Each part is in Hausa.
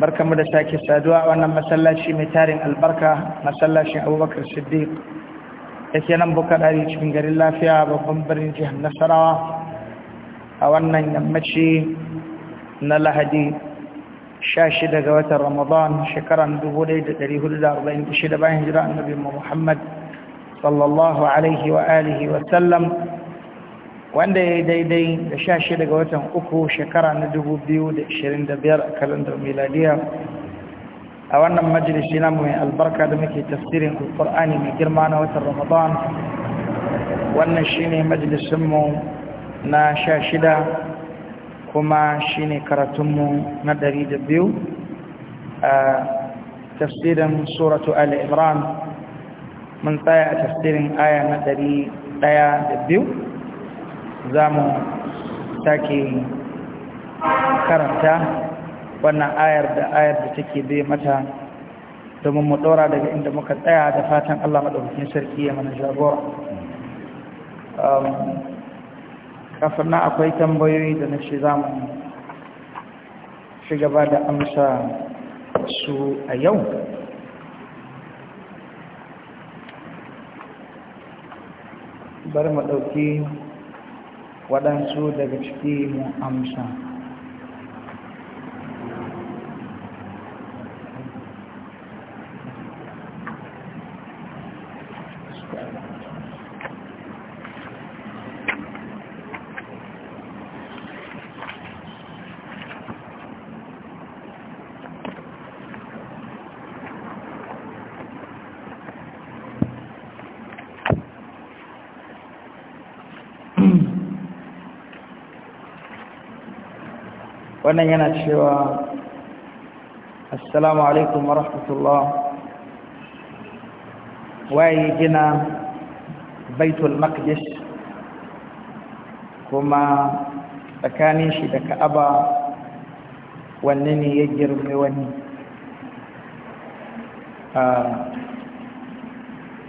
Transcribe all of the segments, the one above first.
barkamu da sake saduwa a wannan masallaci mai tarin albarka masallacin abubakar siddiq da ke nan bukadari cikin garin lafiya babban birnin jihar nasarawa a wannan yammaci na lahadi 16 ga watan ramadan shekaran 1446 bayan jira annabi muhammad sallallahu alaihi wa alihi wa sallam wanda ya yi daidai da sha shi daga watan uku shekara na dubu biyu da da biyar a kalandar miladiya a wannan majalisi namu mai albarka da muke tafsirin alkur'ani mai girma na watan ramadan wannan shine majalisinmu na sha shida kuma shine karatunmu na dari da biyu a tafsirin suratu ali imran mun tsaya a tafsirin aya na dari ɗaya da biyu za mu sake karanta wannan ayar da ayar da take bai mata domin mu ɗora daga inda muka tsaya da fatan Allah maɗaukakin sarki ya mana jagora um, kafin na akwai tambayoyi da na shi za mu shigaba da amsa su a yau bari mu ɗauki waɗansu daga ciki mun amsa wannan yana cewa assalamu alaikum wa rahmatullah waye gina baitul maqdis kuma tsakanin shi da ka'aba wanne ne ya girme wani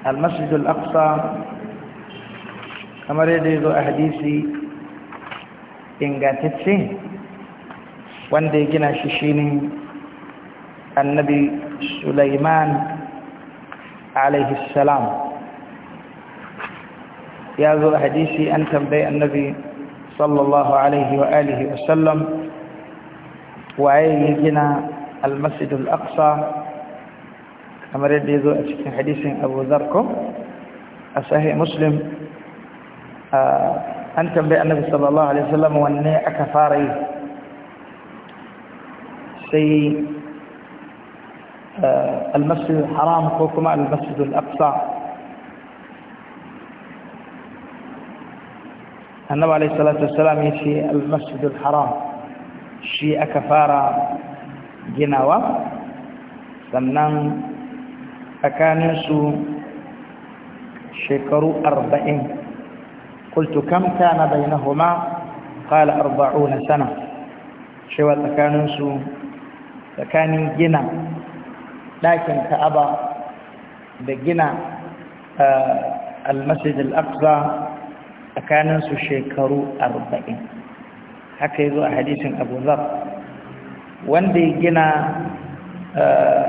المسجد الأقصى kamar yadda ya zo a hadisi ingantacce wanda ya gina shi shine annabi Sulaiman alaihi salam ya zo a hadisi an tambayi annabi sallallahu alaihi wa alihi wa sallam waye ya gina almasjid al-aqsa kamar yadda ya zo a cikin hadisin abu zarko a sahih muslim an tambayi annabi sallallahu alaihi wa sallam wanne aka fara yi سي آه، المسجد الحرام حكم المسجد الأقصى النبي عليه الصلاة والسلام يشي المسجد الحرام شيء كفارة جناوة سمنان أكان يسو شكر أربعين قلت كم كان بينهما قال أربعون سنة شوى أكان tsakanin gina ɗakin ka'aba da gina eh, almasjid al tsakanin su shekaru arba'in haka yazo a hadisin abuzar wanda ya gina eh,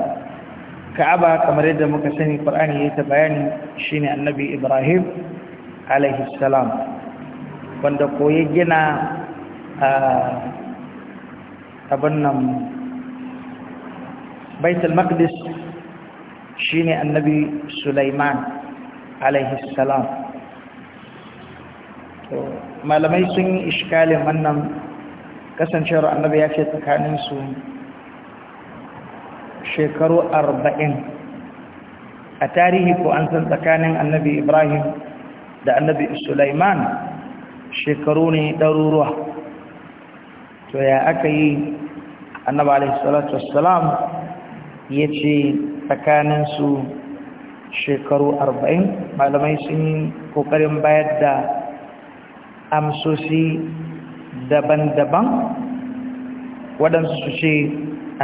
Ka'aba kamar yadda muka sani Qur'ani ya ta bayani shine Annabi Ibrahim alaihi wanda koyi gina gina eh, abin nan baitul maqdis shine annabi Sulaiman alaihi salam to malamai sun yi iskalin wannan kasancewar annabi ya ce tsakanin su shekaru arba'in a tarihi ko an san tsakanin annabi Ibrahim da annabi Sulaiman shekaru ne ɗaruruwa to ya aka yi annabi alaihi salatu wassalam ya ce su shekaru arba'in malamai sun yi ƙoƙarin bayar da amsoshi daban-daban waɗansu su ce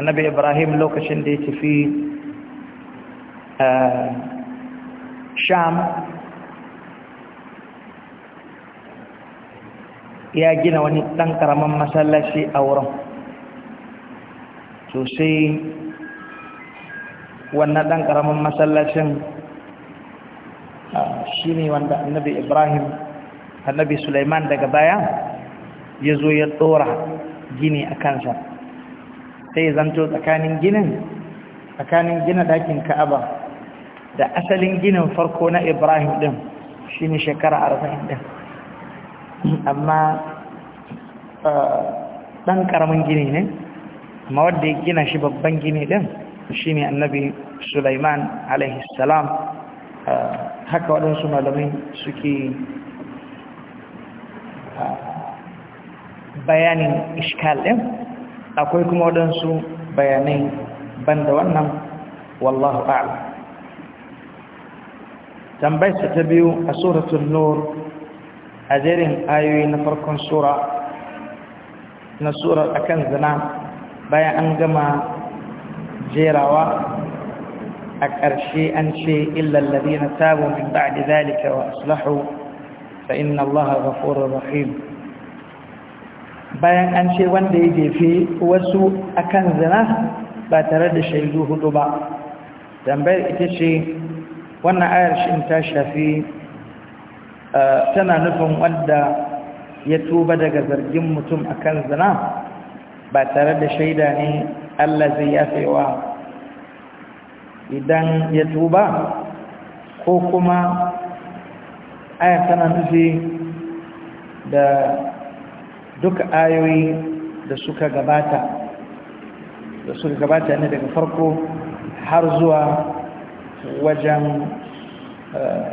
annabi ibrahim lokacin da ya tafi eh, sham ya gina wani ɗan ƙaramin masallaci a wurin to wannan ɗan ƙaramin masallacin ah, shi ne wanda annabi ibrahim annabi suleiman daga baya ya zo ya ɗora gini a kansa sai zanto tsakanin ginin tsakanin gina dakin ka'aba da asalin ginin farko na ibrahim ɗin shi ne shekara arba'in ɗin amma ɗan ah, ƙaramin gini ne amma wadda ya gina shi babban gini ɗin shine annabi Sulaiman alaihi salam uh, haka waɗansu malamai suke uh, bayanin iskal ɗin akwai kuma waɗansu bayanai banda wannan wallahu a'lam ta biyu a suratul nur a jerin ayoyi na farkon sura na surar akan zina bayan an gama jerawa a ƙarshe an ce illallabi na tabo min da zalika wa aslahu fa inna Allah ghafurur rahim bayan an ce wanda ya jefe wasu akan zina ba tare da shaidu hudu ba tambayar ita ce wannan ayar shi ta shafi tana nufin wanda ya tuba daga zargin mutum akan zina ba tare da shaida ne Allah zai wa idan ya tuba ko kuma aya tana nufi da duka ayoyi da suka gabata da suka gabata ne daga farko har zuwa wajen eh,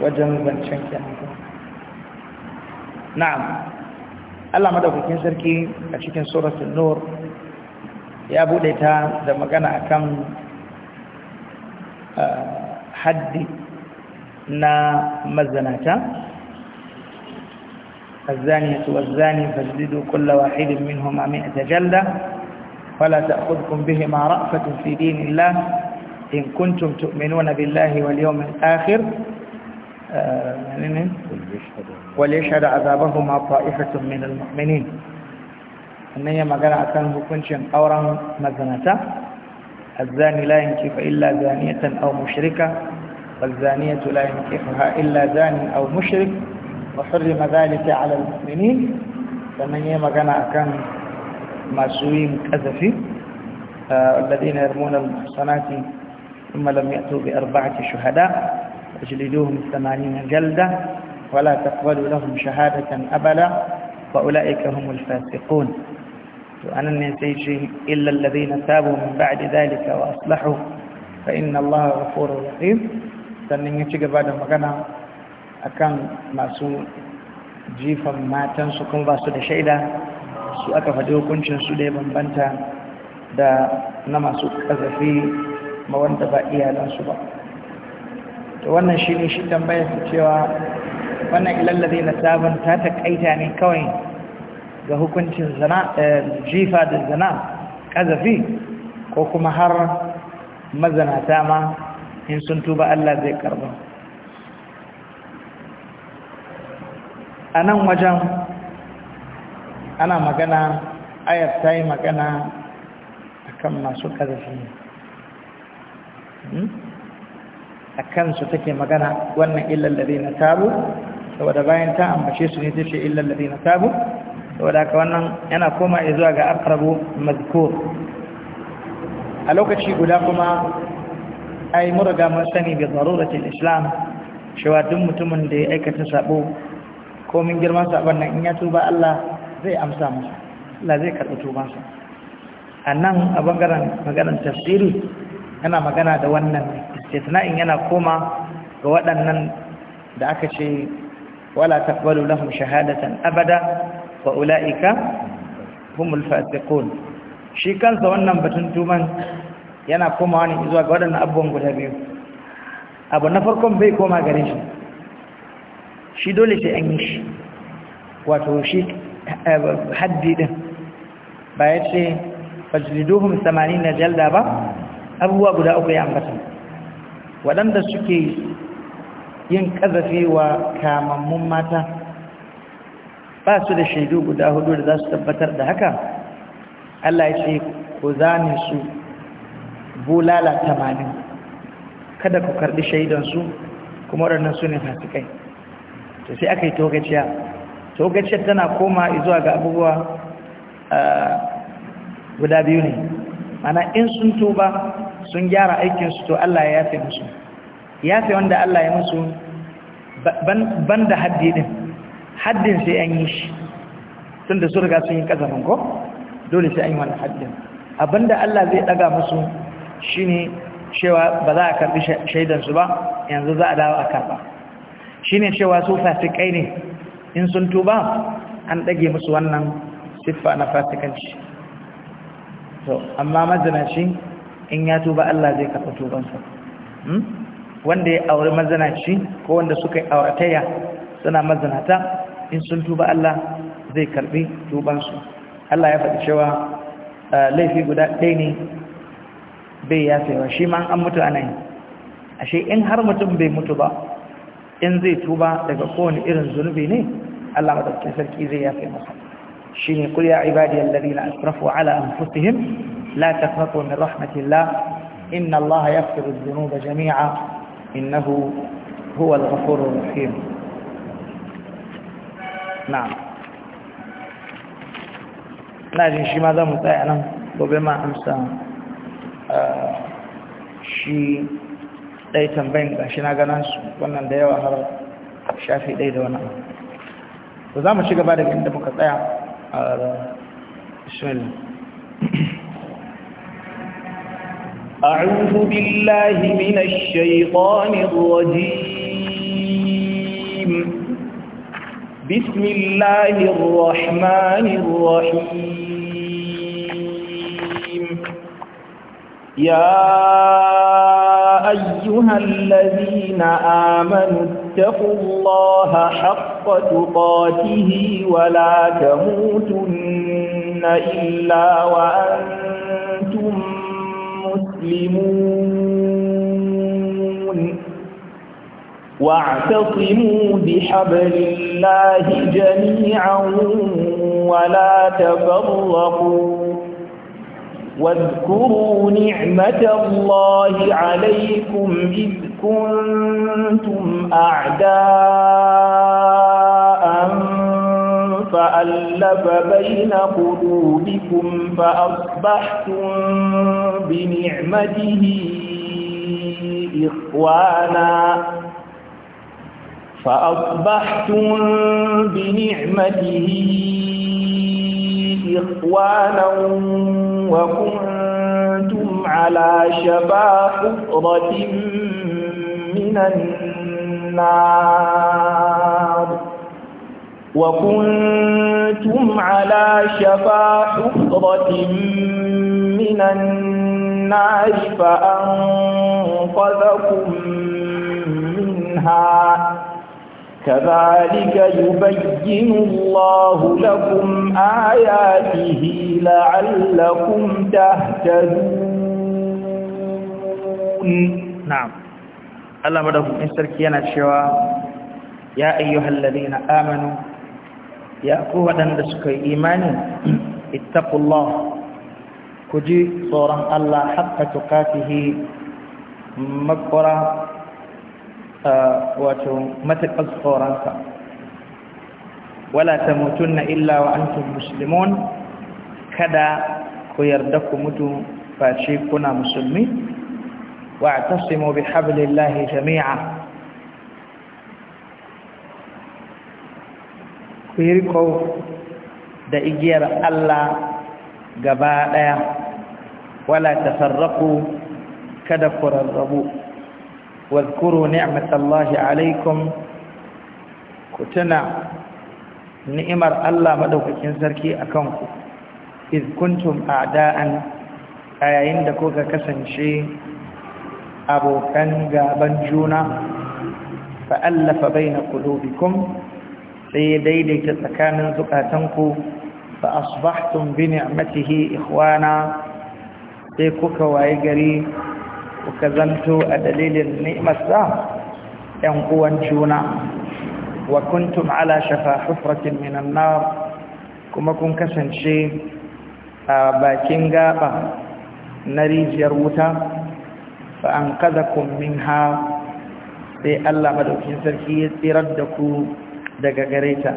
wajen zancen kyanaka na'am Allah madaukakin sarki a cikin suratul nur ya bude ta da magana akan uh, haddi na mazanata الزانية والزاني فاجلدوا كل واحد منهما مئة جلدة ولا تأخذكم بهما رأفة في دين الله إن كنتم تؤمنون بالله واليوم الآخر آه يعني وليشهد عذابهما طائفة من المؤمنين أن هي مقالة كان هكونش أورا مزنتا الزاني لا ينكف إلا زانية أو مشركة والزانية لا ينكفها إلا زان أو مشرك وحرم ذلك على المؤمنين فمن هي مقالة كان معسوين كذفي آه، الذين يرمون المحصنات ثم لم يأتوا بأربعة شهداء اجلدوهم ثمانين جلدة ولا تقبل لهم شهادة أبدا فأولئك هم الفاسقون وأنا نسيجي إلا الذين تابوا من بعد ذلك وأصلحوا فإن الله غفور رحيم sannan ya ci gaba da magana akan masu jifan matansu kuma basu da shaida su aka faɗi hukuncinsu da ya bambanta da na masu ƙazafi ma wanda ba iyalansu ba to wannan shi ne shi tambayar cewa wannan ilallazi na sabon ta taƙaita ne kawai ga hukuncin zina eh, jifa da zina ƙazafi ko kuma har mazanata ma in sun tuba Allah zai karba a nan wajen ana magana ayar ta yi magana a kan masu ƙazafi hmm? a kansu take magana wannan ilallazi na taru saboda bayan ta ambace su ne ta ce illal ladina tabu saboda haka wannan yana koma zuwa ga aqrabu mazkur a lokaci guda kuma ai mun riga mun sani bi daruratil islam cewa duk mutumin da ya aikata sabo ko min girman sabon nan in ya tuba Allah zai amsa masa Allah zai karɓi tubansa annan a bangaren maganar tafsiri yana magana da wannan istisna'in yana koma ga waɗannan da aka ce ولا تقبل لهم شهادة أبدا وأولئك هم الفاسقون shi kansa wannan batun tuman yana komawa ne zuwa ga waɗannan abubuwan guda biyu abu na farkon bai koma gare shi shi dole sai an yi wato haddi din ba ya ce na jalda ba abubuwa guda uku ya ambata waɗanda suke yin ƙazafi wa kamammun mata ba su da shaidu guda hudu da za su tabbatar da haka Allah ya ce ku zane su bulala tamanin kada ku karɓi shaidansu kuma waɗannan su ne kai to sai aka yi togaciya togaciyar tana koma zuwa ga abubuwa guda biyu ne mana in sun tuba sun gyara aikinsu to Allah ya yafe musu ya fi wanda Allah ya musu ban da haddi din haddin sai an yi shi tun da su riga sun yi kazafin ko dole sai an yi wani haddin abinda Allah zai daga musu shi ne cewa ba za a karbi shaidansu ba yanzu za a dawo a karba ne cewa su fasikai ne in sun tuba an dage musu wannan siffa na fasikanci amma mazinaci in ya tuba Allah zai karɓi tubansa hmm? wanda ya auri mazanaci ko wanda suka yi auratayya suna mazanata in sun tuba Allah zai karbi tubansu Allah ya faɗi cewa ah, laifi guda ɗaya ne bai ya yafewa shi ma an mutu ana yi ashe in har mutum bai mutu ba in zai tuba daga kowane irin zunubi ne Allah madaukakin sarki zai ya yafe masa shine qul ya ibadiyal ladina asrafu ala anfusihim la taqnatu min rahmatillah inna Allah yaghfiru dhunuba jami'a إنه هو الغفور الرحيم نعم ناجي شي ماذا متعنا وبما أمسى شي ɗaya tambayin gashi na ganin su wannan da yawa har shafi ɗaya da wani abu za mu ci gaba da inda muka tsaya a أعوذ بالله من الشيطان الرجيم بسم الله الرحمن الرحيم يا أيها الذين آمنوا اتقوا الله حق تقاته ولا تموتن إلا وأنتم مسلمون واعتصموا بحبل الله جميعا ولا تفرقوا واذكروا نعمة الله عليكم إذ كنتم أعداء وألف بين قلوبكم فأصبحتم بنعمته إخوانا فأصبحتم بنعمته إخوانا وكنتم على شفا حفرة من النار وكنتم على شفا حفرة من النار فأنقذكم منها كذلك يبين الله لكم آياته لعلكم تهتدون نعم الله مدفع من سركينا شواء يا أيها الذين آمنوا ya ku waɗanda suka yi imani ittaqullah ku ji tsoron Allah haqqa tuqatihi makwara wato mataƙar tsoronka wala ta mutunna illa wa antum kada ku yarda ku mutu face kuna musulmi wa tasimu bi hablillahi jami'a ku da igiyar Allah gaba ɗaya wala tasarrafu kada ku rarrabu wadhkuru ni'matallahi alaikum ku tuna ni'imar Allah madaukakin sarki akan ku iz kuntum a'da'an a yayin da kuka kasance abokan gaban juna fa'allafa baina qulubikum sai ya daidaita tsakanin zukatanku fa asbahtum bi ni'matihi ikhwana sai kuka waye gari kuka zanto a dalilin ni'masa ɗan uwan juna wa kuntum ala shafa hufratin minan nar kuma kun kasance a bakin gaba na rijiyar wuta fa an kaza kun min ha sai Allah madaukin sarki ya tsirar da ku daga gare ta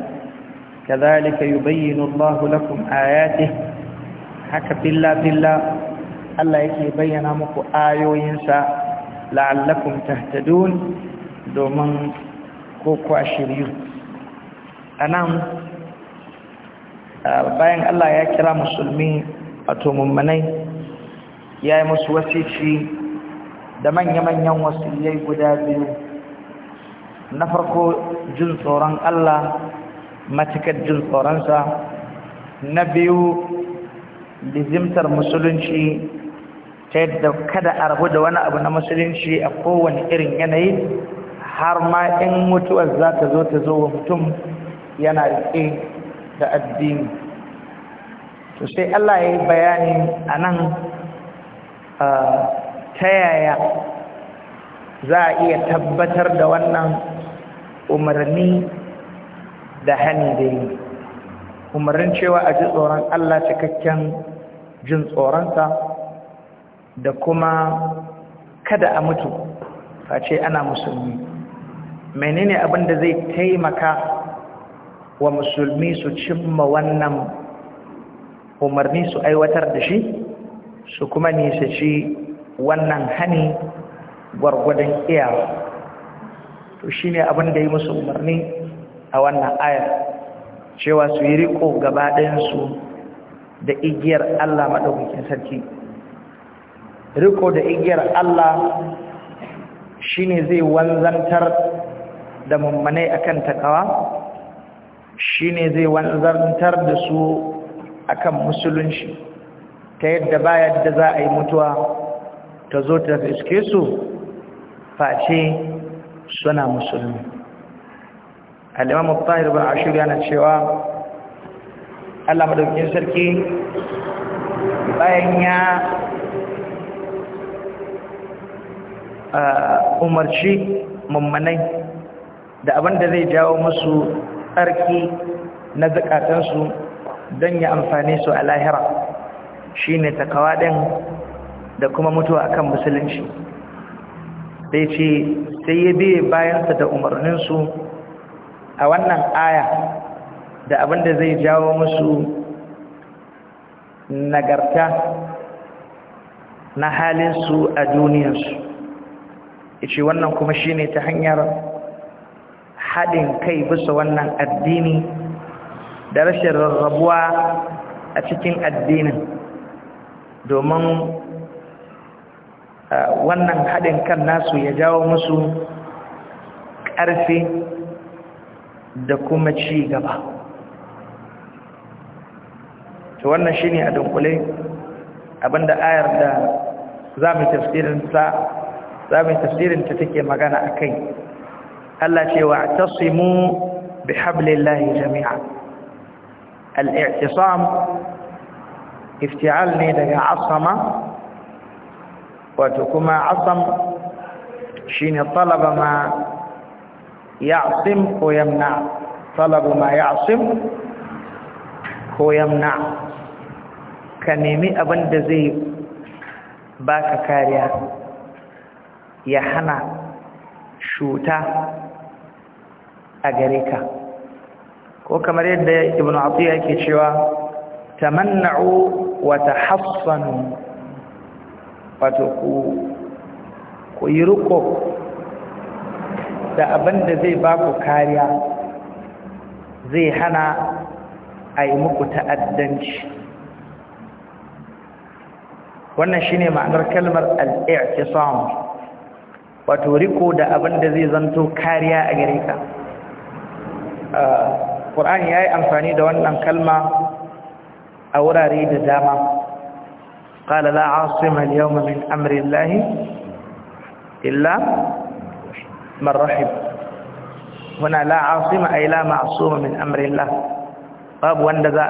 kazalika yubayyinu Allahu lakum ayatihi haka billa billa Allah yake bayyana muku ayoyinsa la'allakum tahtadun domin ko ku shiryu anan ah, bayan Allah ya kira musulmi wato mummanai ya yi musu wasici da manya-manyan wasiyai guda biyu na farko jin tsoron Allah matukar jin tsoronsa na biyu lizimtar musulunci ta yadda kada a rabu da wani abu na musulunci a kowane irin yanayi har ma in mutuwar za ta zo ta zo wa mutum yana riƙe da addini to sai Allah ya yi bayani a nan ta yaya za a iya tabbatar da wannan umarni da hani da yi Umarin cewa a ji tsoron Allah cikakken jin tsoronsa da kuma kada a mutu face ana musulmi menene abin da zai taimaka wa musulmi su cimma wannan umarni su aiwatar da shi su kuma shi wannan hani gwargwadon iya? to shine abin da yi musu umarni a wannan ayar cewa su yi riko gaba ɗayansu da igiyar Allah maɗaukakin sarki riko da igiyar Allah shi ne zai wanzantar da mummanai akan takawa Shi ne zai wanzantar da su akan musulunci ta yadda bayan da za a yi mutuwa ta zo ta fiske su face suna musulmi al'imamu mutahir ba a shirya na cewa allah maɗaukin sarki bayan ya umarci mummanai da abinda zai jawo musu tsarki na zakatansu don ya amfani su a lahira shi ne takawa ɗin da kuma mutuwa akan musulunci sai ce sai ya biye bayansa da umarninsu a wannan aya da abinda zai jawo musu nagarta na halinsu a duniyarsu ce wannan kuma shi ne ta hanyar haɗin kai bisa wannan addini da rashin rarrabuwa a cikin addinin domin wannan haɗin kan nasu ya jawo musu ƙarfi da kuma ci gaba to wannan shi ne a dunkule abinda ayar da za mu tafsirinta za mu take magana a kai Allah cewa tasimu bi hablillahi jami'a al-i'tisam ifti'al ne daga asama wato kuma asam shine talaba ma ya'sim ko yamna talaba ma ya'sim ko yamna ka nemi abin da zai baka kariya ya hana shuta a gare ka ko kamar yadda ibn atiya yake cewa tamanna'u wata tahassanu wato ku yi riko da abin da zai ba ku kariya zai hana a yi muku ta'addanci wannan shine ma'anar kalmar al'i'tisam wato riko da abin da zai zanto kariya a gare ka ƙur'ani ya yi amfani da wannan kalma a wurare da dama قال لا عاصم اليوم من امر الله الا من رحم هنا لا عاصم اي لا معصوم من امر الله باب وان ذا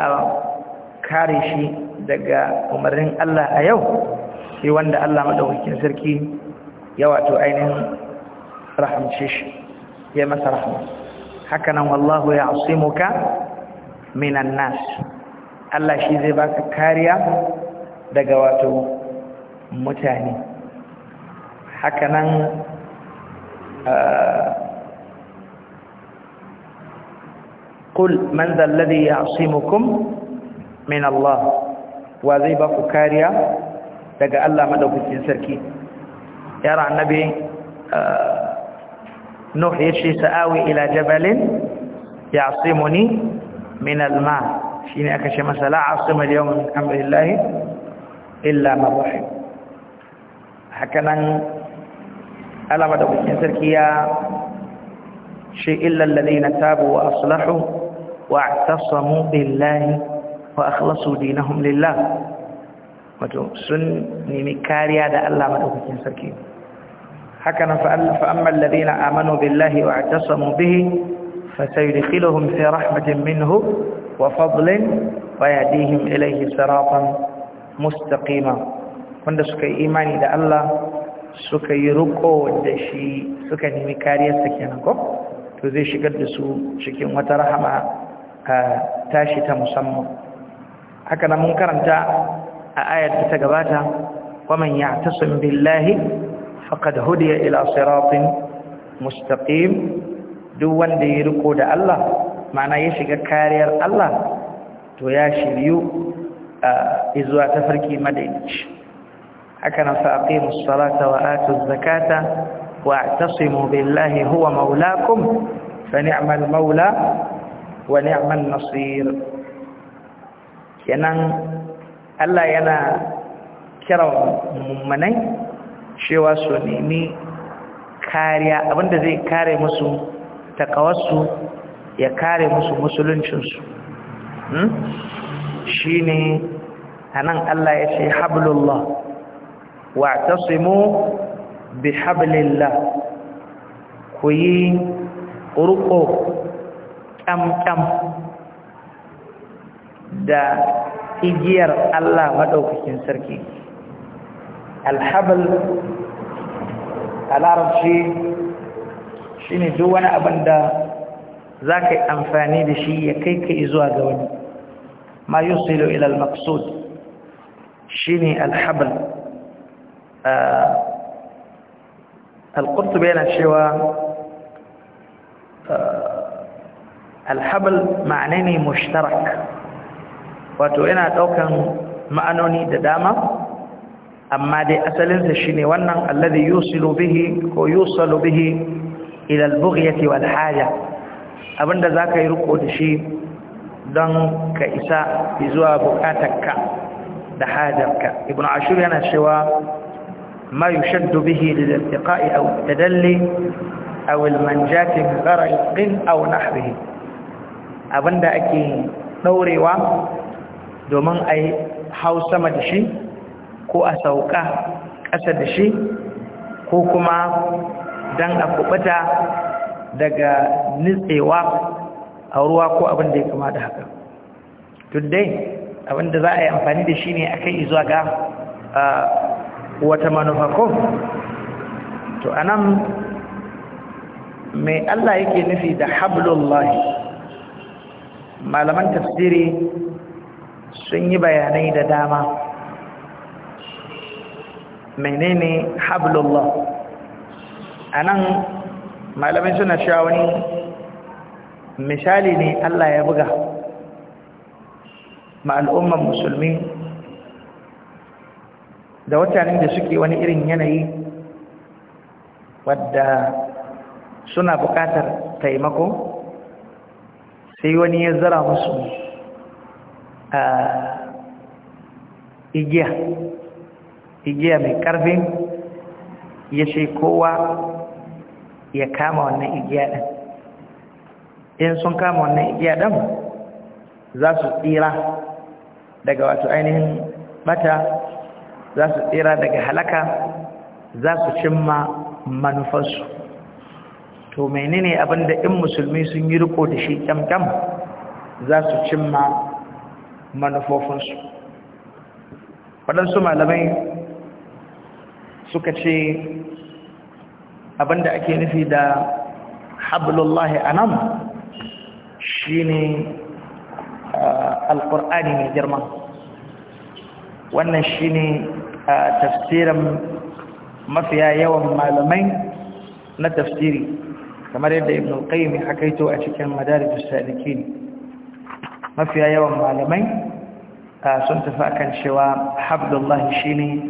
كاري شي daga umarnin Allah a yau shi wanda Allah madaukakin sarki ya wato ainihin rahamce shi ya masa rahama haka nan wallahu ya'simuka minan nas Allah shi zai baka kariya daga wato mutane hakanan قل من ذا الذي يعصمكم من الله وذي باكو كاريا daga Allah madaukakin sarki yara annabi nuh yace sa'awi ila jabalin ya'simuni min al-ma shine aka ce masa la asima al-yawma min amri Allah illa man rahim hakanan da madaukakin sarki ya ce illa alladhina tabu wa aslahu wa i'tasamu billahi wa akhlasu dinahum lillah wato sun nemi kariya da Allah madaukakin sarki hakanan fa amma alladhina amanu billahi wa i'tasamu bihi فسيدخلهم minhu wa منه وفضل ويهديهم إليه صراطا mustaqima wanda suka yi imani da Allah suka yi ruko da shi suka nemi kariyarsa kenan ko to zai shigar da su cikin wata rahama tashi ta musamman haka nan mun karanta a ayar da ta gabata waman ya'tasim billahi faqad hudiya ila siratin mustaqim duk wanda ya riko da Allah ma'ana ya shiga kariyar Allah to ya shiryu izuwa tafarki madaici haka nan fa aqimus salata wa atuz zakata wa atasimu billahi huwa maulakum fa ni'mal maula wa ni'man nasir kenan Allah yana kiran mummanai cewa su nemi kariya abinda zai kare musu takawarsu ya kare musu musuluncinsu shine anan Allah ya ce hablullah bi Hablillah, ku yi ruko ƙamƙam da igiyar Allah maɗaukakin sarki larabci shi shine duk wani abin da ka yi amfani da shi ya kai ka zuwa ga wani ma yusilu ila al-maqsud shine al-habl al-qurtubi yana cewa al-habl mushtarak wato yana daukan ma'anoni da dama amma dai asalinsa shine wannan alladhi yusilu bihi ko yusalu bihi ilal al-bughyati abinda zaka yi riko da shi don ka isa zuwa bukatarka da hajarka ibn ashur yana cewa ma yushaddu bihi lil iltiqa'i aw tadalli aw al manjati min gharqin aw nahwihi abinda ake daurewa domin ai hau sama da shi ko a sauka ƙasa da shi ko kuma dan a kubuta daga nitsewa a ruwa ko abin da ya kama da haka tuddai abin da za a yi amfani da shi ne a kai zuwa ga wata manufa ko to a nan mai Allah yake nufi da hablullahi malaman tafsiri sun yi bayanai da dama menene hablullah anan nan malamai suna cewa wani misali ne Allah ya buga ma al'umman musulmi da watanin da suke wani irin yanayi wadda suna bukatar taimako sai wani ya zara musu a igiya igiya mai karfin ya ce kowa ya kama wannan igiya ɗin in sun kama wannan igiya ɗan za su tsira daga wato ainihin mata za su tsira daga halaka za su cimma manufarsu to menene abinda in musulmi sun yi riko da shi ƙyamƙyam za su cimma manufofinsu waɗansu malamai suka ce abinda ake nufi da hablullahi a nan? shine alqur'ani mai girma wannan ne tafsirin mafiya yawan malamai na tafsiri kamar yadda ibn al-qayyim hakaito a cikin madarijus salikin mafiya yawan malamai sun tafi akan cewa habdullah shine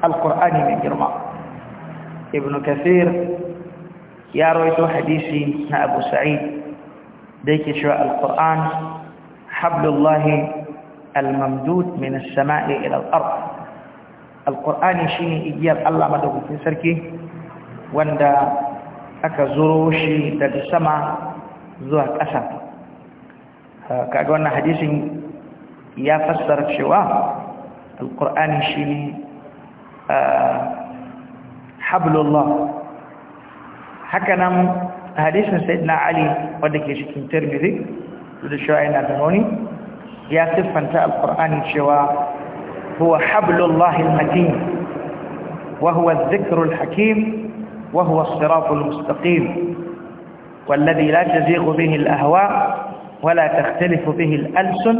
alqur'ani mai girma ibn kathir ya rawaito hadisi na Abu Sa'id da yake cewa Al-Qur'an hablullahi al-mamdud min as-sama'i ila al-ard Al-Qur'ani shine igiyar Allah madaukakin sarki wanda aka zuro shi daga sama zuwa ƙasa kaga wannan hadisin ya fassara cewa Al-Qur'ani shine ah, hablullah haka nan hadisin sayyidina ali wanda ke cikin tirmidhi da shawa yana da rauni ya siffanta alqur'ani cewa huwa hablullahi almatin wa huwa adh-dhikru alhakim wa huwa as-siratu almustaqim والذي لا تزيغ به الأهواء ولا تختلف به الألسن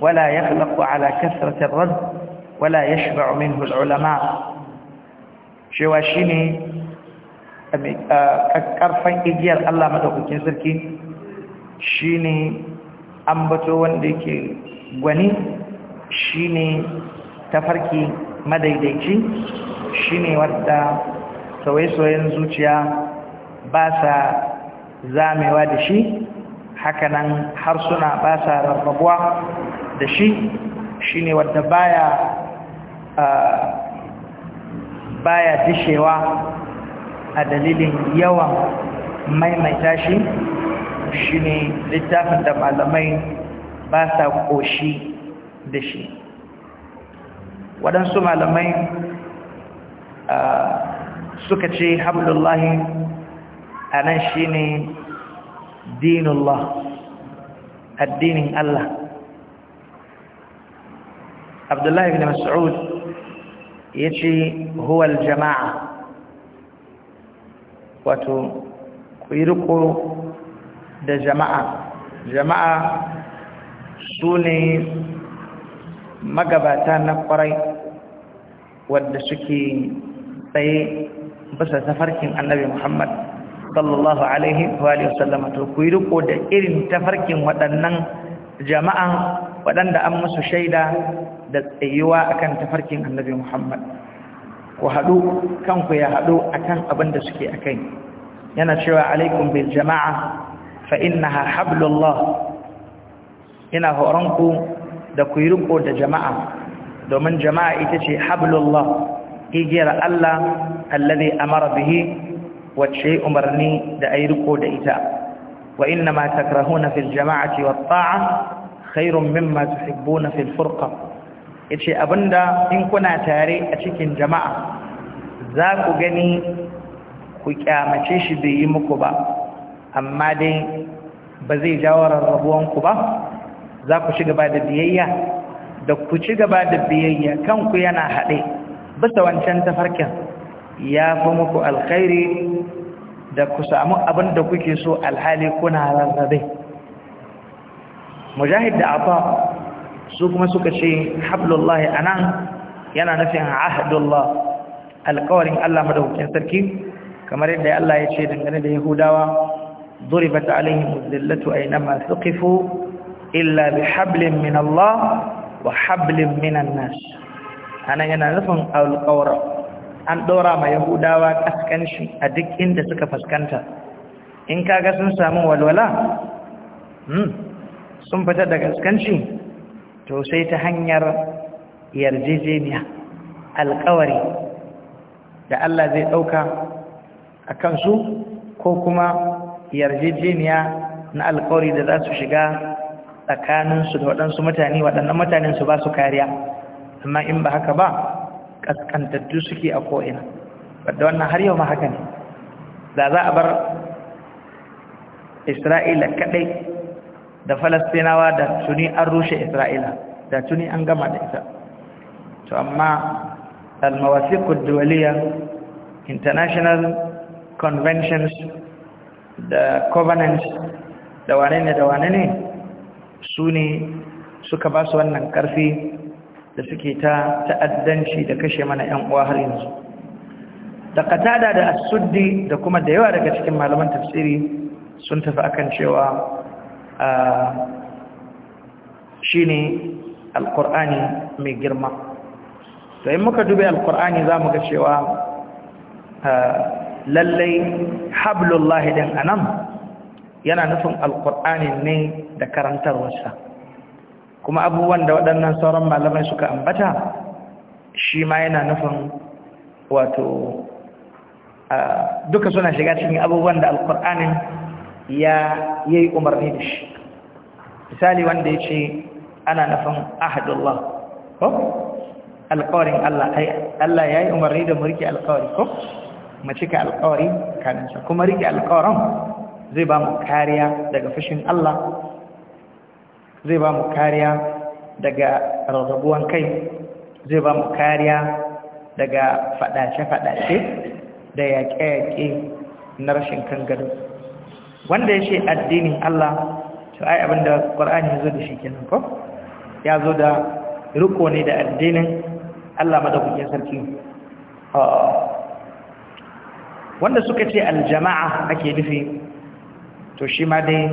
ولا يخلق على كثرة الرد ولا يشبع منه العلماء شواشيني a igiyar Allah madaukakin sarki shine bato wanda yake gwani shine tafarki madaidaici shine wadda sauye-sauyen zuciya ba sa zamewa da shi hakanan harsuna ba sa rarrabuwa da shi shine wadda baya baya dishewa a dalilin yawan maimaita shi shi ne littafin da malamai ba sa ƙoshi da shi waɗansu malamai suka ce hamdullahi a nan shi ne dinullah addinin Allah abdullahi bin mas'ud ya ce huwal jama'a wato ku yi riko da jama'a jama'a su ne magabata na kwarai wadda suke tsaye bisa tafarkin annabi muhammad sallallahu alaihi wa sallam to ku yi riko da irin tafarkin waɗannan jama'a waɗanda an musu shaida da tsayuwa akan tafarkin annabi muhammad ku haɗu kanku ya haɗu akan abin da suke kai yana cewa alaikum bil jama'a fa innaha hablullah ina horonku da ku yi riko da jama'a domin jama'a ita ce hablullah igiyar Allah alladhi amara bihi wacce umarni da ayi riko da ita wa ma takrahuna fil jama'ati wat ta'a khairun mimma tuhibbuna fil furqa ya ce abinda in kuna tare a cikin jama'a za ku gani ku kyamace shi bai yi muku ba amma dai ba zai jawo ku ba za ku ci gaba da biyayya da ku ci gaba da biyayya kanku yana haɗe bisa wancan tafarkin ya fi muku alkhairi da ku samu abin da kuke so alhali kuna rarrabe mujahid da abba su kuma suka ce hablullahi anan yana nufin ahdullah alƙawarin Allah madaukakin sarki kamar yadda Allah ya ce dangane da Yahudawa ضربت عليهم الذلة illa ثقفوا إلا بحبل من الله وحبل من الناس anan yana nufin alƙawar an ɗora ma Yahudawa kaskanci a duk inda suka fuskanta in kaga sun samu walwala hmm, sun fita daga kaskanci to sai ta hanyar yarjejeniya alkawari da Allah zai ɗauka a kansu ko kuma yarjejeniya na alkawari da za su shiga tsakaninsu da waɗansu mutane waɗannan mutanen su ba su kariya amma in ba haka ba ƙasƙantattu suke a ko'ina wadda wannan har yau ma haka ne da za a bar isra'ila kaɗai da falastinawa da tuni an rushe isra'ila da tuni an gama da ita to amma almawasikud duwaliya international conventions da covenants da wane ne da wane ne su ne suka ba su wannan karfi da suke ta ta'addanci da kashe mana 'yan uwa har yanzu da qatada da asuddi da kuma da yawa daga cikin malaman tafsiri sun tafi akan cewa shi shine alkur'ani mai girma to in muka dube za mu ga cewa lallai hablullahi din anan yana nufin alkur'ani ne da karantarwarsa kuma abubuwan da waɗannan sauran malamai suka ambata shi ma yana nufin wato duka suna shiga cikin abubuwan da alkur'anin ya yayi umarni da shi misali wanda ya ce ana nafan ahadullah ko alƙawarin Allah Allah ya yi umarni da mu rike alkawari ko mu cika alkawari kaninsa kuma riki alkawarin zai ba mu kariya daga fushin Allah zai ba mu kariya daga rarrabuwan kai zai ba mu kariya daga fadace-fadace da yaƙe-yaƙe na rashin kan gado wanda ya ce addinin Allah to ai abinda Qur'ani ya zo da shi kenan ko ya zo da riko ne da addinin Allah madaukakin sarki ah. wanda suka ce aljama'a ake nufi to shi ma dai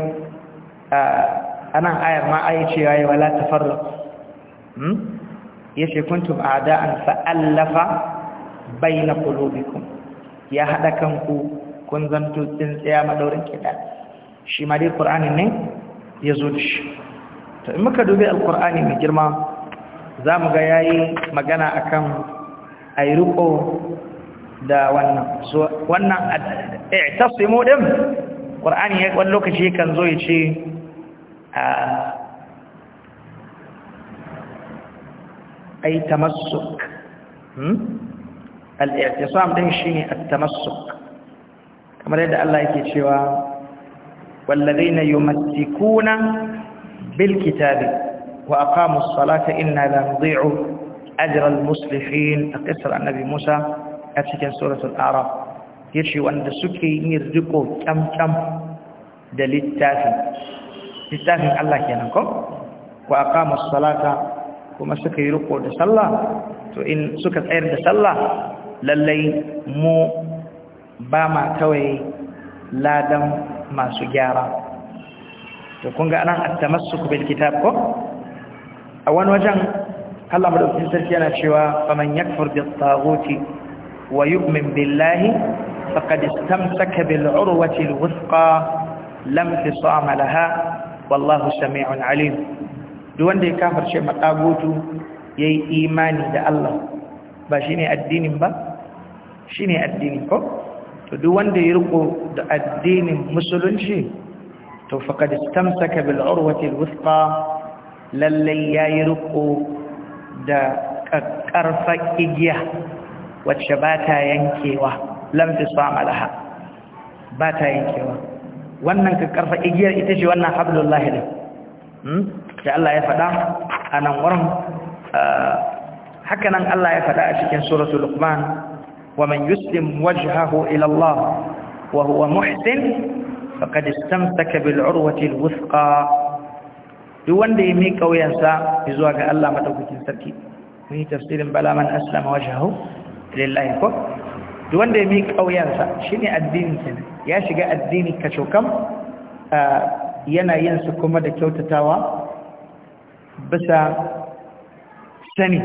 anan ah, ayar ma ayi cewa yayi wala tafarruq hmm yace kuntum a'da'an fa'allafa baina qulubikum ya hada kanku kun zanto tsaya madaurin kiɗa shi ma dai qur'ani ne ya zo da shi to in muka dubi alƙur'ani mai girma za mu ga ya yi magana akan ayruqo da wannan so wannan a dim ɗin ƙur'ani ya wani lokaci kan zo ya ce ay tamassuk tamassuk hmm? al-i'tisam shi ne at tamassuk kamar yadda Allah yake cewa wallazina yumattikuna bilkitabi wa aqamus salata inna la nudhi'u ajra almuslihin aqsar annabi Musa a cikin suratul araf yace wanda suke Allah kenan ko kuma suka yi riko to in suka tsayar da sallah lallai mu ba ma kawai ladan masu gyara to kun ga nan at-tamassuk bil kitab ko a wani wajen Allah madaukakin sarki yana cewa faman yakfur bi taghuti wa yu'min billahi faqad istamsaka bil urwati al-wuthqa lam tisama laha wallahu sami'un alim duk wanda ya kafirce matagutu yayi imani da Allah ba shine addinin ba shine addini ko to duk wanda ya riko da addinin musulunci to faqad istamsaka bil urwati al wuthqa lalle yayi riko da karfa igiya wacce ba ta yankewa lam tisama laha ba ta yankewa wannan karfa igiyar ita ce wannan hablullahi ne Sai hmm? Allah ya faɗa a nan wurin ah, hakanan Allah ya faɗa a cikin suratul luqman ومن يسلم وجهه إلى الله وهو محسن فقد استمسك بالعروة الوثقى duk wanda ya mika wuyansa zuwa ga Allah madaukakin sarki mun tafsirin bala man aslama wajhahu lillahi ko duk wanda ya mika wuyansa shine addini kenan ya shiga addini kacokam yana yin kuma da kyautatawa bisa sani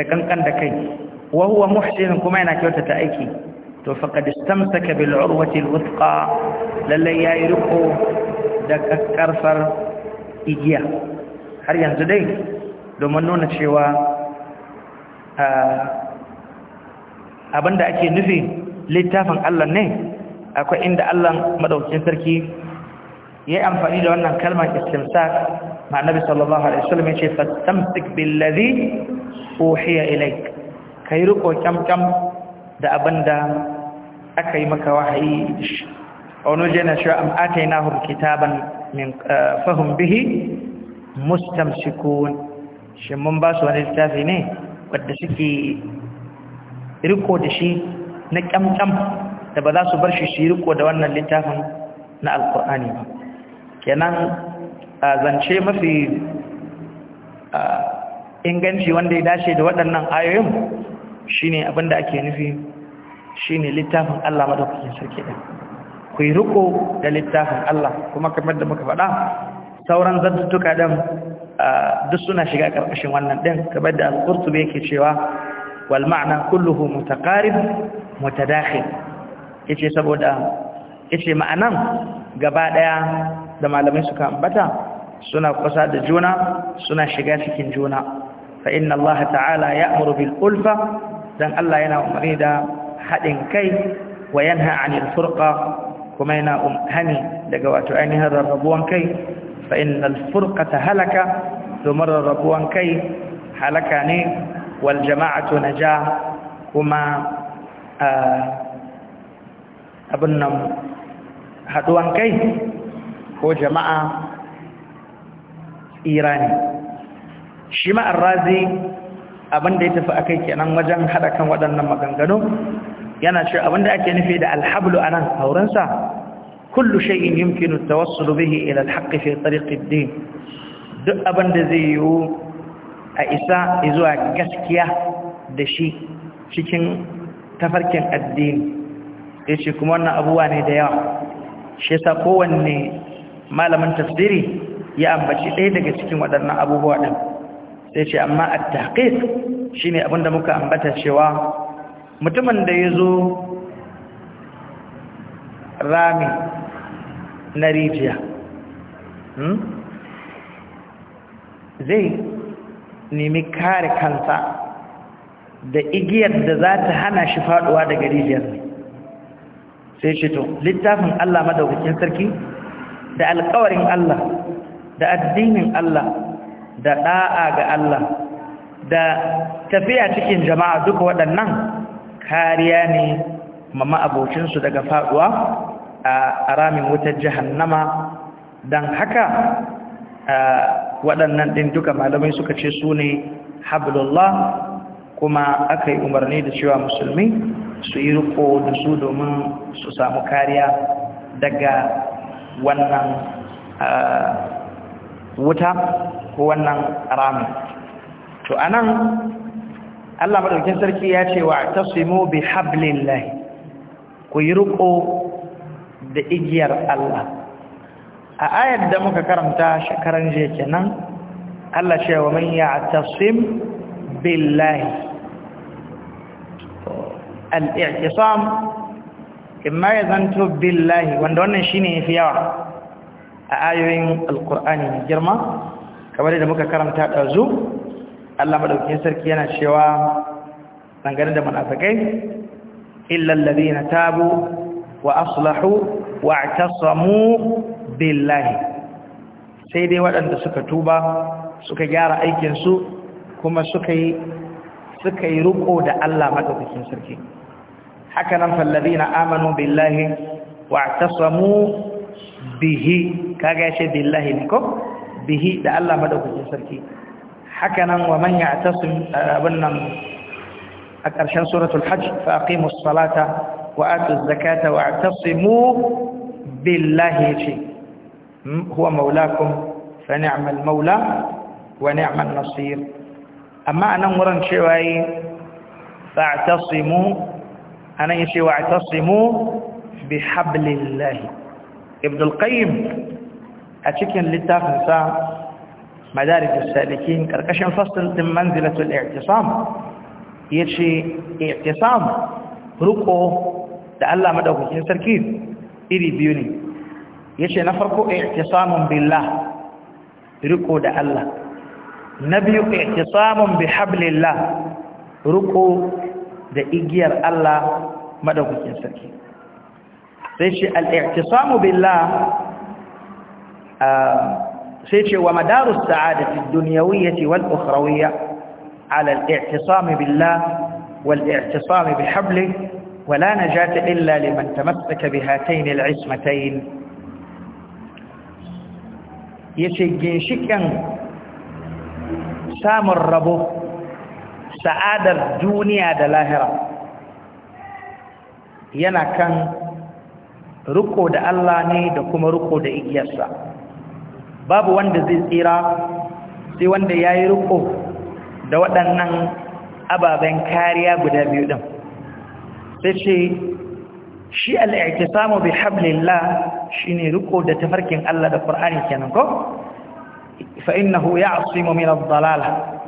da ƙanƙan da kai wa huwa muhsin kuma yana kyautata aiki to faqad istamsaka bil urwati al wuthqa yayi da karfar igiya har yanzu dai domin nuna cewa abinda ake nufi littafin Allah ne akwai inda Allah madaukakin sarki yayi amfani da wannan kalmar istimsak ma annabi sallallahu alaihi wasallam yace fastamsik bil uhiya ilayk ka yi riko kyamkyam da abin da aka yi maka wahayi a wani waje na shi a ta yi nahur kitaban min eh, fahim bihi shikun shi mun ba su wani littafi ne wadda suke riko da shi na kyamkyam da ba za su bar shi shi riko da wannan littafin na alkur'ani ba kenan a zance mafi inganci wanda ya dace da waɗannan ayoyin shine abin da ake nufi shine littafin Allah madaukakin sarki ɗin ku yi riko da littafin Allah kuma kamar da muka faɗa sauran zantuttuka din duk suna shiga ƙarƙashin wannan ɗin kamar da al-Qurtubi yake cewa wal ma'na kulluhu mutaqarib mutadakhil yace saboda yace ma'anan gaba ɗaya da malamai suka ambata suna kusa da juna suna shiga cikin juna fa inna Allah ta'ala ya'muru bil ulfa dan Allah yana umarni da haɗin kai wa yanha 'anil furqa kuma yana um-, hani daga wato ainihin rarrabuwan kai fa innal furqata halaka domin rarrabuwan kai halaka ne wal jama'atu naja kuma abin nan kai ko jama'a tsira ne shi abin da ya tafi a kai kenan wajen haɗa kan waɗannan maganganu yana cewa abin da ake nufi da alhablu anan aurensa kullu shay'in yumkinu tawassulu bihi ila alhaq fi tariq ad-din duk abin da zai yiwu a isa zuwa gaskiya da shi cikin tafarkin addini yace kuma wannan abuwa ne da yawa shi yasa kowanne malamin tafsiri ya ambaci ɗaya daga cikin waɗannan abubuwa ɗin sai ce amma a shi ne abinda muka ambata cewa mutumin da ya zo rami na rijiya hmm, zai nemi kare kansa da igiyar da za ta hana shi faɗuwa daga rijiyar sai ce to littafin Allah madaukakin sarki da alkawarin Allah da addinin Allah da ɗa'a ga Allah da tafiya cikin jama'a duk waɗannan kariya ne mamma abocinsu daga faɗuwa a ramin wutar jahannama don haka waɗannan ɗin duka malamai suka ce su ne hablullah kuma aka yi umarni da cewa musulmi su yi riko da su domin su samu kariya daga wannan wuta ko wannan ramin to anan Allah madaukakin sarki ya ce wa tasimu bi hablillahi ku yi riko da igiyar Allah a ayar da muka karanta shekaran je kenan Allah ce wa man ya'tasim billahi al-i'tisam imma yazantu billahi wanda wannan shine yafi yawa a ayoyin alqur'ani mai girma kamar da muka karanta ɗazu Allah madaukakin sarki yana cewa dangane da munafikai illa alladhina tabu wa aslahu wa i'tasamu billahi sai dai waɗanda suka tuba suka gyara aikin su kuma suka yi suka yi da Allah madaukakin sarki haka nan falladhina amanu billahi wa i'tasamu bihi kaga shi billahi ne ko bihi da Allah madaukakin sarki haka nan wa man ya'tasim abin nan a ƙarshen suratul hajj fa aqimus salata wa atuz zakata wa atasimu billahi ce huwa maulakum fa ni'mal maula wa ni'mal nasir amma anan wurin cewa yi fa'tasimu anan yace wa'tasimu bihablillahi ibn al-qayyim a cikin littafinsa madarijus salikin karkashin fasl din manzilatul i'tisam yace i'tisam ruko da Allah madaukakin sarki iri biyu ne yace na farko i'tisamun billah ruko da Allah na biyu i'tisamun bihablillah ruko da igiyar Allah madaukakin sarki sai shi al-i'tisamu billah sai ce wa madarus sa'adati dunyawiyyati wal ukhrawiyya ala al-i'tisam billah wal i'tisam bi hablihi ولا نجاة إلا لمن تمسك بهاتين العصمتين yace ginshikin samun rabo sa'adar duniya da lahira yana kan riko da Allah ne da kuma riko da igiyarsa babu wanda zai tsira sai wanda ya yi riko da waɗannan ababen kariya guda biyu ɗin sai ce shi al'aiki samu bi shi ne riko da tafarkin Allah da ƙur'ani kenan ko? fa'innahu ya asimu min dalala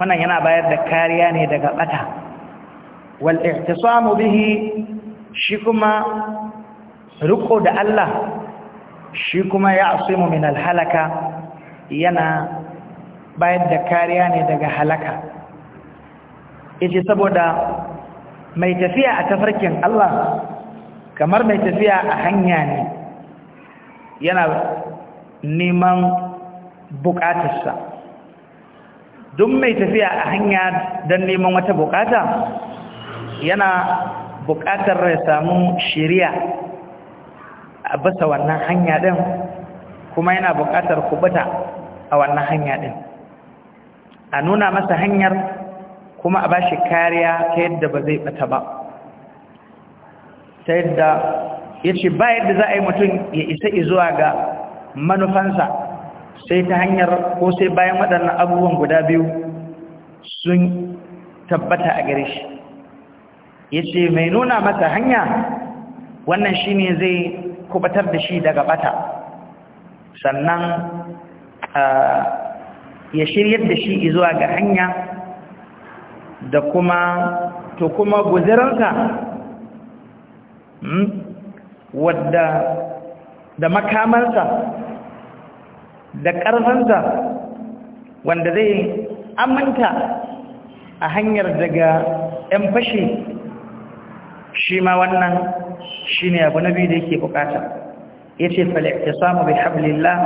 wannan yana bayar da kariya ne daga ɓata wal'aiki samu bihi shi kuma riko da Allah shi kuma ya asimu min alhalaka yana bayar da kariya ne daga halaka ita saboda mai tafiya a tafarkin Allah kamar mai tafiya a hanya ne yana neman bukatarsa duk mai tafiya a hanya don neman wata bukata yana bukatar ya samu shiriya a basa wannan hanya ɗin kuma yana buƙatar kubuta a wannan hanya ɗin a nuna masa hanyar kuma a bashi kariya ta yadda ba zai bata ba ta yadda ya ce ba yadda za a yi mutum ya isa zuwa ga manufansa sai ta hanyar ko sai bayan waɗannan abubuwan guda biyu sun tabbata a gare shi ya ce mai nuna masa hanya wannan shi ne zai kubatar da shi daga bata sannan ya shiryar da shi zuwa ga hanya da kuma to kuma guziransa hmm, wadda da makamarsa da ƙarfansa wanda zai aminta a hanyar daga 'yan fashe shi ma wannan shine abu nabi da yake bukata ya yace fal ihtisamu bi hablillah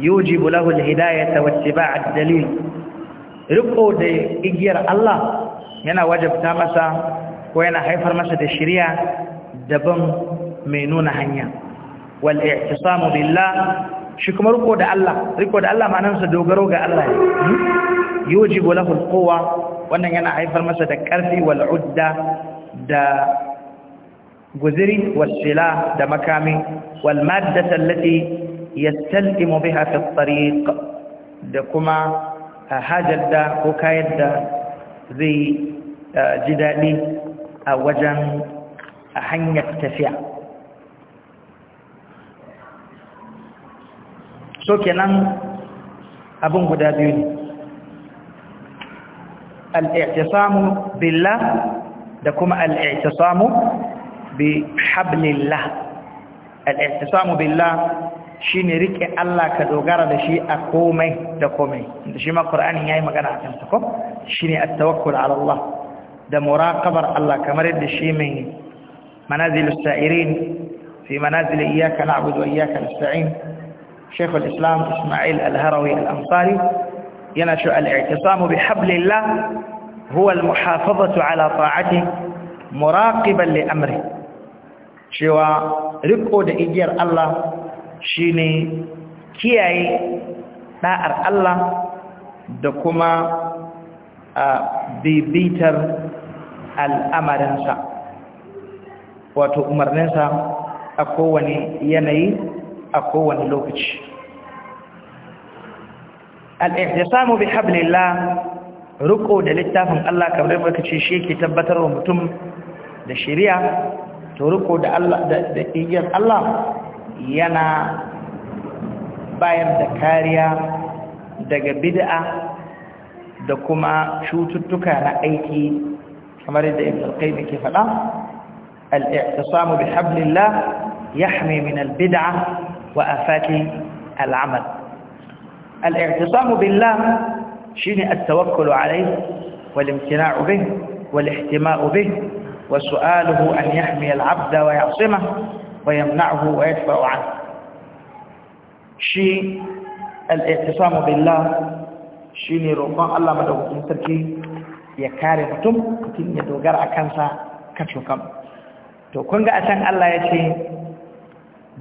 yujibu lahu alhidayata wattiba' ad-dalil riko da igiyar Allah yana wajabta masa ko yana haifar masa da shirya daban mai nuna hanya wal ihtisamu billah shi kuma riko da Allah riko da Allah ma'anarsa dogaro ga Allah ne yujibu lahu alquwa wannan yana haifar masa da karfi wal udda da guziri wasila da makami wal maddata allati yastalzimu biha fi tariq da kuma hajar da ko kayan da zai ji daɗi a wajen hanyar tafiya so kenan abin guda biyu ne al'i'tisamu billah da kuma al'i'tisamu بحبل الله الاعتصام بالله شيني ركي الله كدوغارة شي أقومي دقومي انت شيما قرآن ياي مقانا عتمتكم شيني التوكل على الله دا مراقبر الله كمرد شيمي منازل السائرين في منازل إياك نعبد وإياك نستعين شيخ الإسلام إسماعيل الهروي الأنصاري ينشأ الاعتصام بحبل الله هو المحافظة على طاعته مراقبا لأمره cewa riko da igiyar Allah shine kiyaye da'ar Allah da kuma a bibitar al'amarinsa wato umarninsa a kowane yanayi a kowane lokaci al'ihtisamu bi hablillah riko da littafin Allah kamar yadda kace shi yake tabbatar wa mutum da shari'a to da Allah da igiyar Allah yana bayar da kariya daga bid'a da kuma cututtuka na aiki kamar da Ibn al-Qayyim yake faɗa al-i'tisamu bi hablillah yahmi min al-bid'ah wa afati al-amal al-i'tisamu billah shine at-tawakkul alayhi wal-imtina'u bihi wal-ihtima'u bihi وسؤاله أن يحمي العبد ويعصمه ويمنعه ويدفع عنه شيء الاعتصام بالله شيء روما الله مدوكين تركي يكاري متم كتن يدوغر أكانسا كتشوكم to kun ga a can Allah ya ce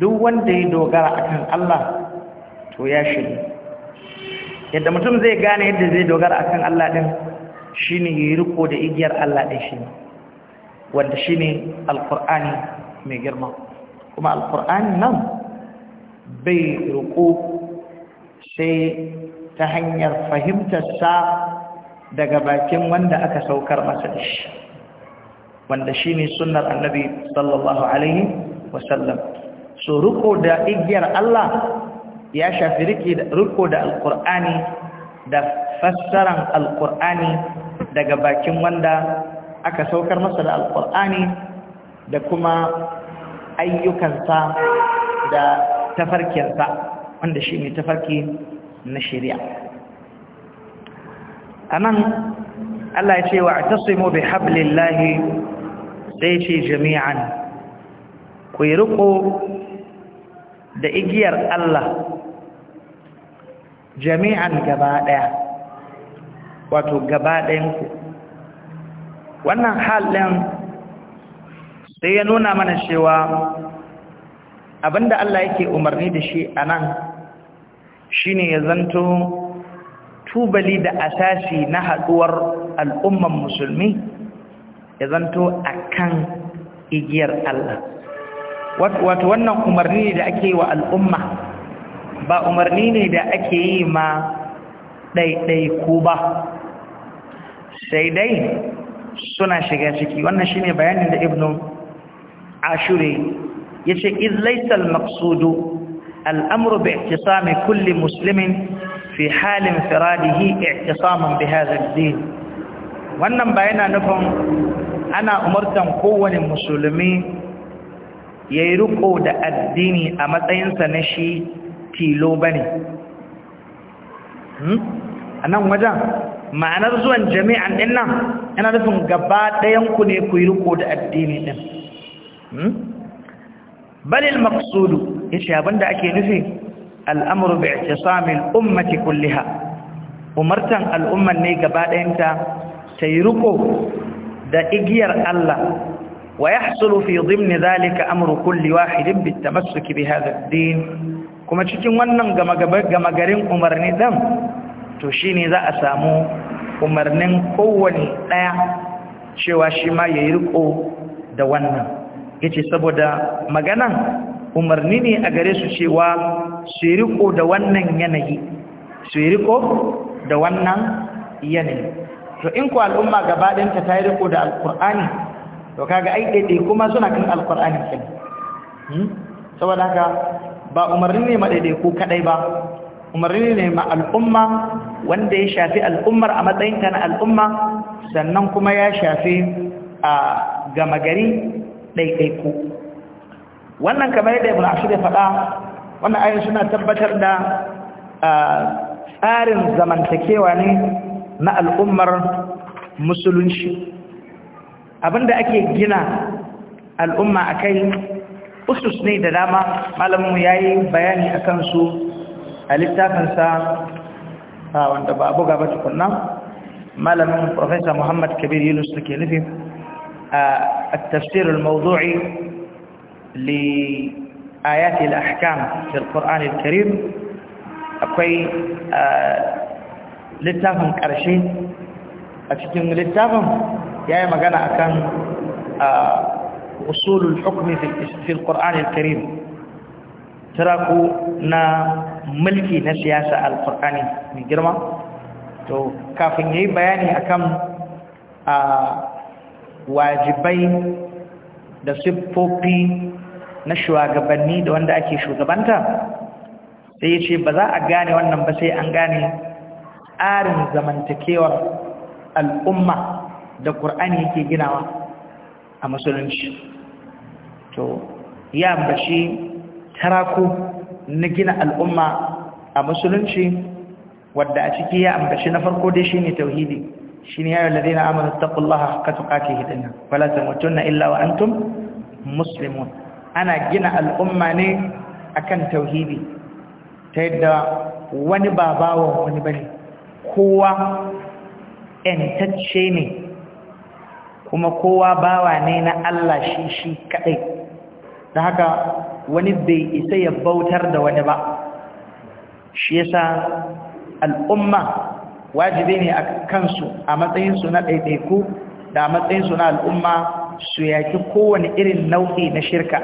duk wanda ya dogara akan Allah to ya shiri yadda mutum zai gane yadda zai dogara akan Allah din shine yayi riko da igiyar Allah din shi wanda shine alqur'ani mai girma kuma alqur'ani nan bai ruku sai ta hanyar fahimtarsa daga bakin wanda aka saukar masa da shi wanda shine sunnar annabi sallallahu alaihi wasallam so ruko da igiyar Allah ya shafi riki da ruko da alkur'ani da fassaran alkur'ani daga bakin wanda aka saukar masa da alƙur'ani da kuma ayyukansa da tafarkiyarsa wanda shi ne tafarki na shari'a a nan Allah ya ce wa a tasimo bi hablillahi sai ce jami'an ku yi riko da igiyar Allah jami'an gaba wato gaba wannan halin sai ya nuna mana cewa abinda Allah yake umarni da shi a nan shi ne ya zanto tubali da asasi na haɗuwar al'umman musulmi ya zanto a kan igiyar Allah wato wannan umarni da ake yi wa al'umma ba umarni ne da ake yi ma ɗaiɗaiku ba sai dai suna shiga ciki wannan shine bayanin da ibnu ashuri yace iz laysa al-maqsudu al-amru bi ihtisami kulli muslimin fi halin firadihi ihtisaman bi hadha ad-din wannan bayana nufin ana umartan kowane musulmi yayi riko da addini a matsayinsa na shi tilo bane hmm anan wajen ma'anar zuwan jami'an dinnan yana nufin gaba ɗayanku ne ku yi riko da addini ɗin hmm? balil maksudu ya ce abinda ake nufi al'amuru bai ce samun ummati kulliha umartan al'umman ne gaba ɗayanta ta yi riko da igiyar Allah wa ya hasulu fi zimni zalika amuru kulli wahidin bitta masu kibi din kuma cikin wannan gama garin umarni ɗan to shi ne za a samu umarnin kowane ɗaya cewa shi ma ya yi riko da wannan yace saboda maganan umarni ne a gare su cewa su yi riko da wannan yanayi su yi riko da wannan yanayi to in ku al'umma gabaɗinta ta yi riko da alkur'ani to kaga ai ɗaiɗai kuma suna kan alkur'ani kin hmm? saboda haka ba umarni ne ma ɗaiɗai ku kaɗai ba umarni ne ma al'umma wanda ya shafi al'ummar a matsayinta na al'umma sannan kuma ya shafi a gama gari ɗaiɗaiku wannan kamar yadda ibn ashir ya faɗa wannan ayin suna tabbatar da tsarin zamantakewa ne na al'ummar musulunci abinda ake gina al'umma a kai usus ne da dama malamin ya yi bayani a kansu a littafinsa ha wanda ba التفسير الموضوعي لآيات الأحكام في القرآن الكريم أقوي آه، لتفهم كرشي أتكلم لتفهم يعني ما كان أكان آه، أصول الحكم في القرآن الكريم sirako na mulki na siyasa alfurkani mai girma to kafin yayi bayani akan a wajibai da siffofi na shugabanni da wanda ake shugabanta sai ce ba za a gane wannan ba sai an gane tsarin zamantakewar al'umma da ƙur'ani yake ginawa a musulunci to ya bashi tarako na gina al'umma a musulunci wadda a ciki ya ambaci na farko dai shine tauhidi shine ya alladhi na amanu taqullaha haqqa dinna wala tamutunna illa wa antum muslimun ana gina al'umma ne akan tauhidi ta yadda wani babawa wani bane kowa entacce ne kuma kowa bawa ne na Allah shi shi kadai da haka wani bai isa ya bautar da wani ba shi yasa al'umma wajibi ne a kansu a matsayinsu na ɗaiɗaiku da a matsayinsu na al'umma su yaki kowane irin nau'i na shirka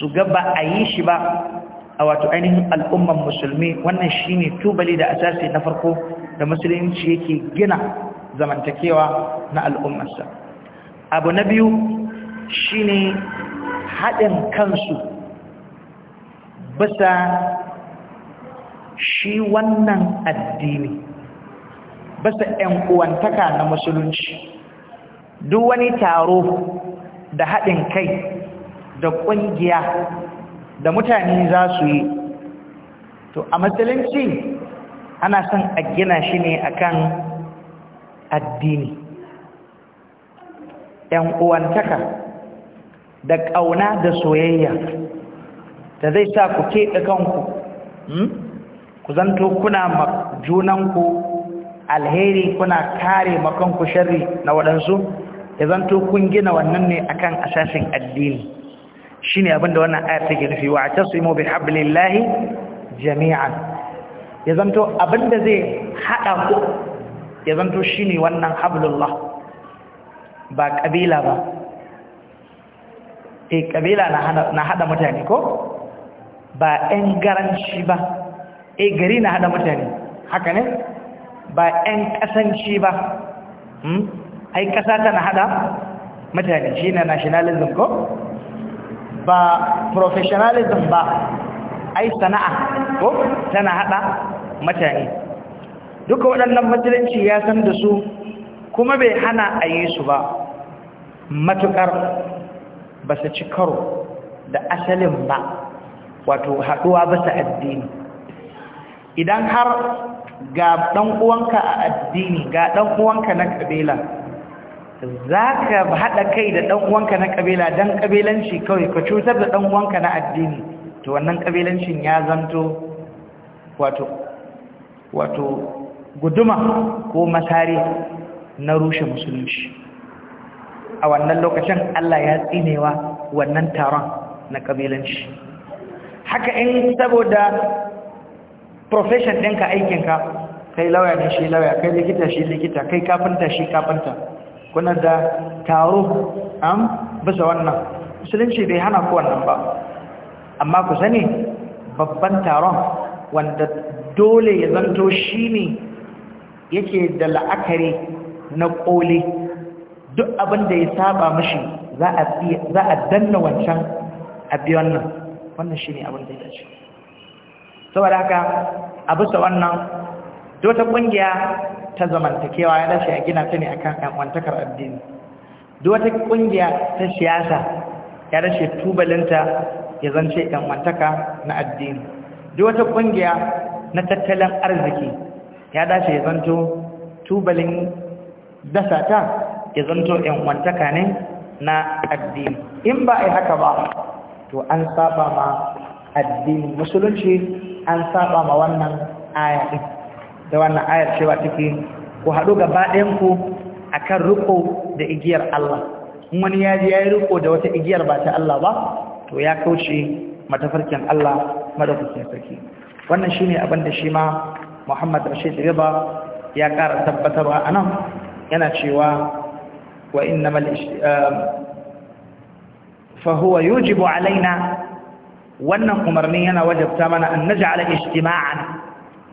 su ga ba a yi shi ba a wato ainihin al'umman musulmi wannan shi ne tubali da asasi na farko da musulunci yake gina zamantakewa na al'ummarsa abu na biyu shi ne haɗin kansu bisa shi wannan addini bisa ‘yan uwantaka na musulunci duk wani taro da haɗin kai da ƙungiya da mutane za su yi to a matsalinci ana son a gina shi ne akan addini ‘yan uwantaka da ƙauna da soyayya da zai sa ku keɓe kanku hmm? ku zanto kuna ma junanku alheri kuna kare makanku sharri na waɗansu ya zanto kun gina wannan ne akan asasin addini shine abin da wannan ayar ke nufi wa tasimu bi hablillahi jami'an ya zanto abin da zai haɗa ku ya zanto ne wannan hablullah ba ƙabila ba eh kabila na hada mutane ko ba ɗan garanci ba eh gari na hada mutane haka ne ba ɗan ƙasanci ba hmm? ai ƙasa na hada mutane shi na nationalism ko ba professionalism ba ai sana'a ko tana hada mutane duka waɗannan matsalanci ya san da su kuma bai hana a yi su ba matukar ba su ci karo da asalin ba wato haɗuwa ba su addini idan har ga ɗan'uwanka a addini ga ɗan'uwanka uwanka na ƙabila za ka haɗa kai da ɗan'uwanka na ƙabila don ƙabilanci kawai ka cutar da ɗan'uwanka na addini to wannan ƙabilancin ya zanto wato wato guduma ko masari na rushe musulunci a wannan lokacin Allah ya tsinewa wannan taron na kabilanci haka in saboda profession ɗinka aikinka kai lauya ne shi lauya kai likita shi likita kai kafinta shi kafinta kuna da taro am bisa wannan musulunci bai hana ku wannan ba amma ku sani babban taron wanda dole ya zanto shi ne yake da la'akari na ƙoli duk abin da ya saba mashi za a danna wancan biyan nan wannan shi ne abin da ya ce saboda haka a bisa wannan dota ƙungiya ta zamantakewa ya dace a gina ta ne kan ƴan'uwantakar addini dota ƙungiya ta siyasa ya dace tubalinta ya zance ƴan'uwantaka na addini dota ƙungiya na tattalin arziki ya dace ya zanto tubalin dasa ta ya zanto ‘yan wantaka ne na addini in ba a haka ba to an saba ma addini musulunci an saba ma wannan aya ɗin da wannan ayar cewa take ku haɗu gaba ɗayanku a kan riko da igiyar Allah in wani ya ji ya yi riko da wata igiyar ba ta Allah ba to ya kauce matafarkin Allah madafukiyar sarki wannan shi ne abin da shi ma muhammad rashid riba ya ƙara tabbatarwa a nan yana cewa وإنما فهو يجب علينا ونقمرنينا وجب تامنا أن نجعل اجتماعنا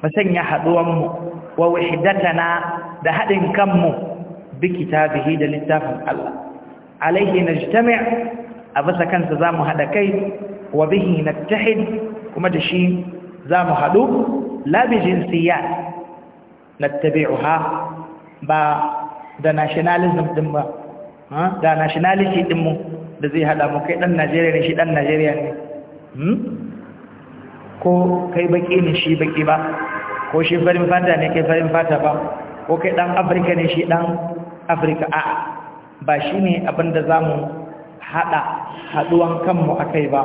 فسنح دوامه ووحدتنا بهد كم بكتابه للتافة الله عليه نجتمع أبسا كان سزام هذا كيف وبه نتحد ومدشين زام هذا لا بجنسيات نتبعها با da nationalism din ba da nationality din mu da zai hada mu kai dan Najeriya ne shi dan Najeriya ne hmm? ko kai baki ne shi baki ba ko shi farin fata ne kai farin fata ba ko kai dan Afrika ne shi dan Afrika a ba shine abinda zamu hada haduwan kanmu akai ba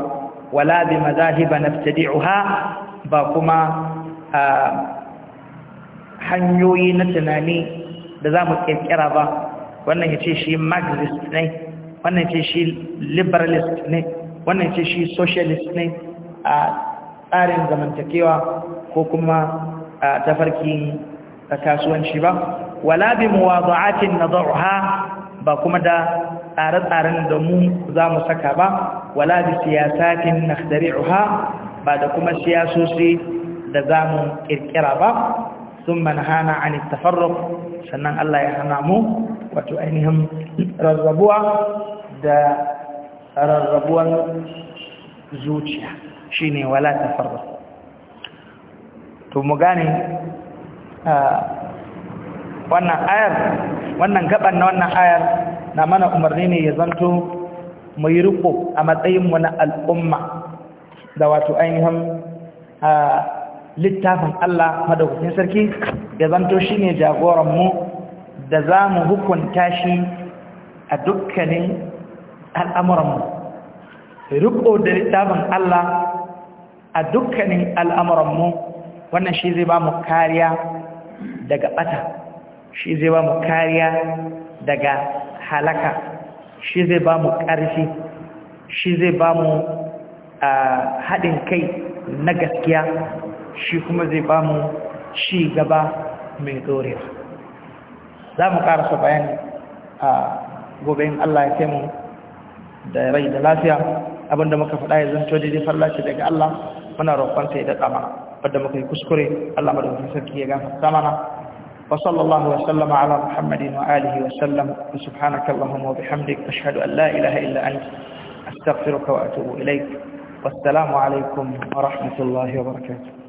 wala bi mazahiba nabtadi'uha ba kuma ah, hanyoyi na tunani da za mu ƙirƙira ba wannan ya ce shi marxist ne wannan ce shi liberalist ne wannan ce shi socialist ne a tsarin zamantakewa ko kuma a tafarkin kasuwanci ba wala bi muwada'atin nadhurha ba kuma da tsare-tsaren da mu za mu saka ba wala bi siyasatin nakhdari'uha ba da kuma siyasosi da za mu ƙirƙira ba sun manhana an tafarruq sannan Allah ya hana mu wato ainihin rarrabuwa da rarrabuwar zuciya shine wala ta farba to mu gane wannan ayar wannan gaban na wannan ayar na mana umarni ne ya zanto mu yi riko a matsayin mu na al'umma da wato ainihin littafin Allah madaukakin sarki ya zanto shine jagoran mu da za mu hukunta shi a dukkanin al'amuran mu. riko da littafin Allah a dukkanin al'amuran mu, wannan shi zai ba mu kariya daga ɓata shi zai ba mu kariya daga halaka shi zai ba mu ƙarfi shi zai ba mu ah, haɗin kai na gaskiya shi kuma zai ba mu ci gaba mai dorewa za mu karasa bayani a gobe in Allah ya taimu da rai da lafiya abinda muka faɗa ya zanto daidai fallaci daga Allah muna roƙonsa ya daɗa mana wadda muka yi kuskure Allah madaukakin sarki ya gafarta mana wa sallallahu wa sallama ala muhammadin wa alihi wa sallam wa subhanaka allahumma wa bihamdik ashhadu an la ilaha illa anta astaghfiruka wa atubu ilaik wassalamu alaikum wa rahmatullahi wa barakatuh